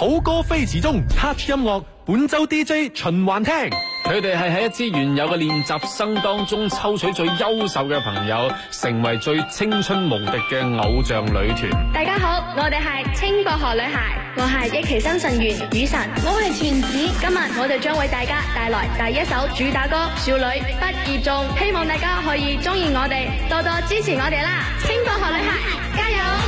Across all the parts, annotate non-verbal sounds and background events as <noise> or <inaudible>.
好歌飛馳中，Touch 音樂本周 DJ 循環聽。佢哋係喺一支原有嘅練習生當中抽取最優秀嘅朋友，成為最青春無敵嘅偶像女團。大家好，我哋係青薄荷女孩，我係一期新成員雨神，我係全子。今日我哋將為大家帶來第一首主打歌《少女畢業頌》不重，希望大家可以中意我哋，多多支持我哋啦！青薄荷女孩，加油！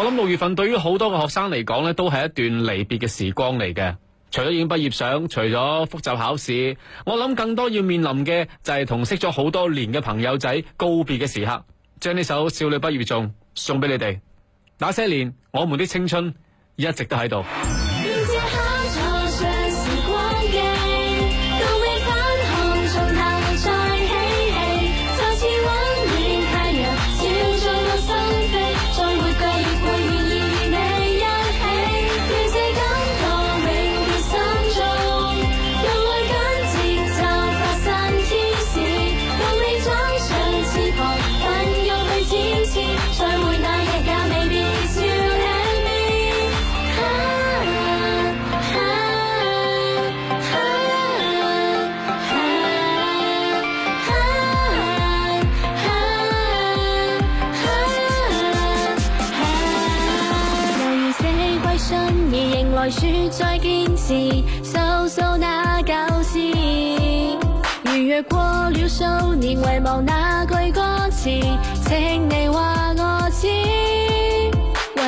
我諗六月份對於好多嘅學生嚟講咧都係一段離別嘅時光嚟嘅。除咗影畢業相，除咗複習考試，我諗更多要面臨嘅就係同識咗好多年嘅朋友仔告別嘅時刻。將呢首《少女畢業頌》送俾你哋。那些年，我們的青春一直都喺度。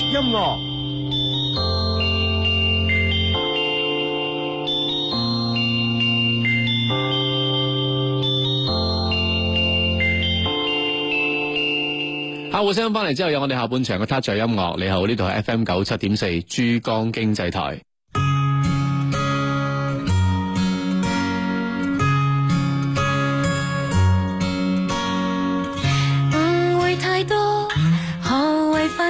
音樂，客戶聲音翻嚟之後有我哋下半場嘅 touch 音樂，你好，呢度係 FM 九七點四珠江經濟台。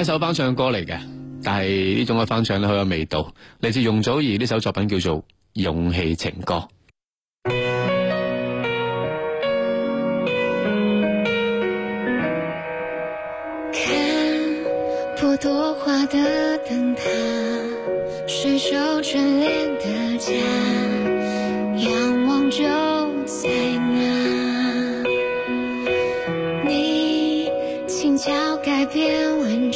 一首翻唱歌嚟嘅，但係呢種嘅翻唱咧，好有味道。嚟自容祖兒呢首作品叫做《勇氣情歌》。看破朵花的燈塔，水手眷戀的家，仰望就在那，你輕巧改變。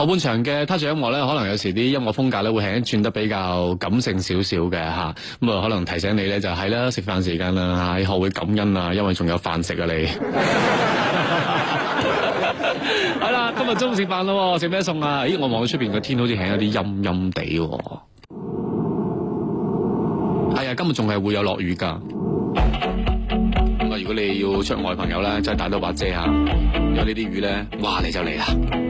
後半場嘅 touching 音樂咧，可能有時啲音樂風格咧會係轉得比較感性少少嘅吓，咁啊可能提醒你咧就係、是、啦，食飯時間啦吓，要、啊、學會感恩啊，因為仲有飯食啊你。係 <laughs> 啦， <laughs> 今日中午食飯咯，食咩餸啊？咦，我望出邊個天好似喺有啲陰陰地，係啊，今日仲係會有落雨噶。如果你要出外，朋友咧，真係帶多把遮啊，有呢啲雨咧，哇你就嚟啦。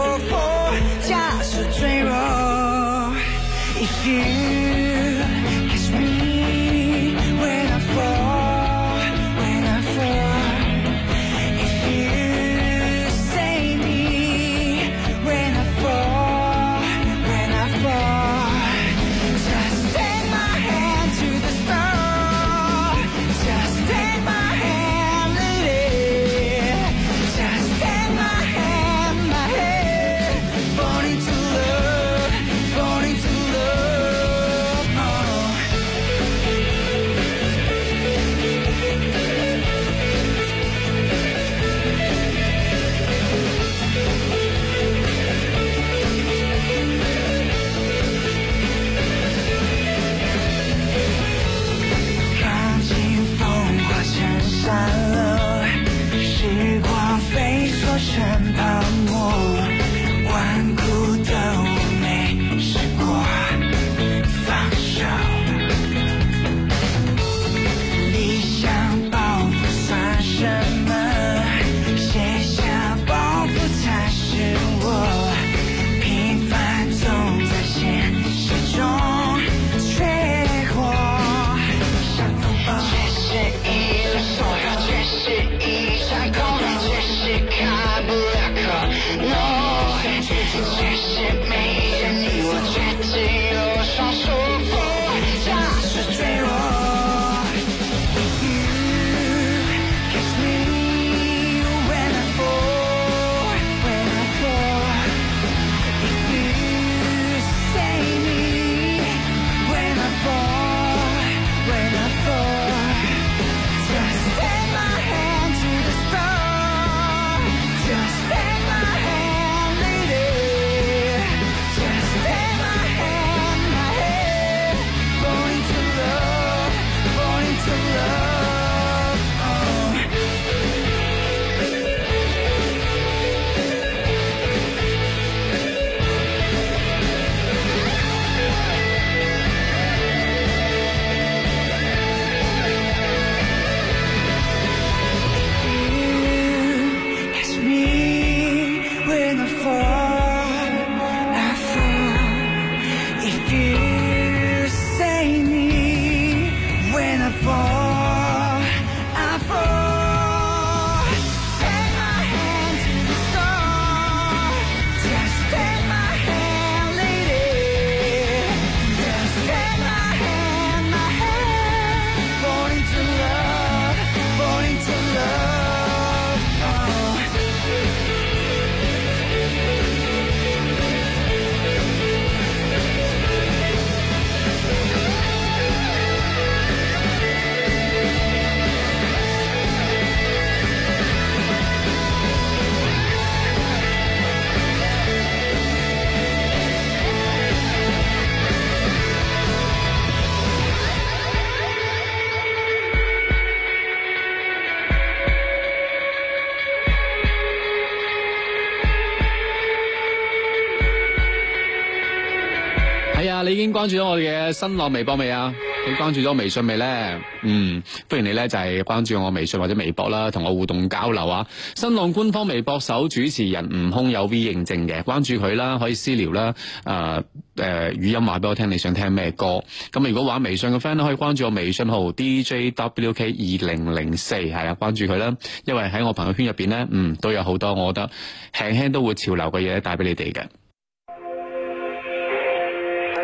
關注咗我哋嘅新浪微博未啊？你關注咗微信未呢？嗯，歡迎你呢就係、是、關注我微信或者微博啦，同我互動交流啊！新浪官方微博首主持人吳空有 V 認證嘅，關注佢啦，可以私聊啦。誒、呃、誒、呃，語音話俾我聽，你想聽咩歌？咁如果玩微信嘅 friend 可以關注我微信號 DJWK 二零零四，係啦，關注佢啦。因為喺我朋友圈入邊呢，嗯，都有好多我覺得輕輕都會潮流嘅嘢帶俾你哋嘅。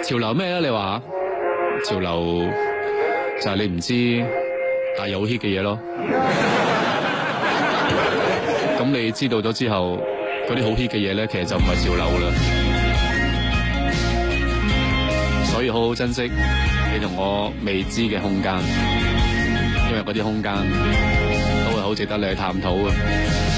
潮流咩啊？你話潮流就係你唔知但係有 hit 嘅嘢咯。咁 <laughs> 你知道咗之後，嗰啲好 hit 嘅嘢咧，其實就唔係潮流啦。所以好好珍惜你同我未知嘅空間，因為嗰啲空間都會好值得你去探討。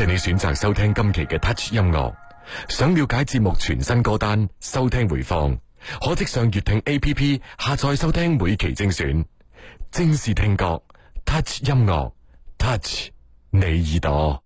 謝你選擇收聽今期嘅 Touch 音樂。想了解節目全新歌單、收聽回放，可即上粵聽 A P P 下載收聽每期精選，正是聽覺 Touch 音樂 Touch 你耳朵。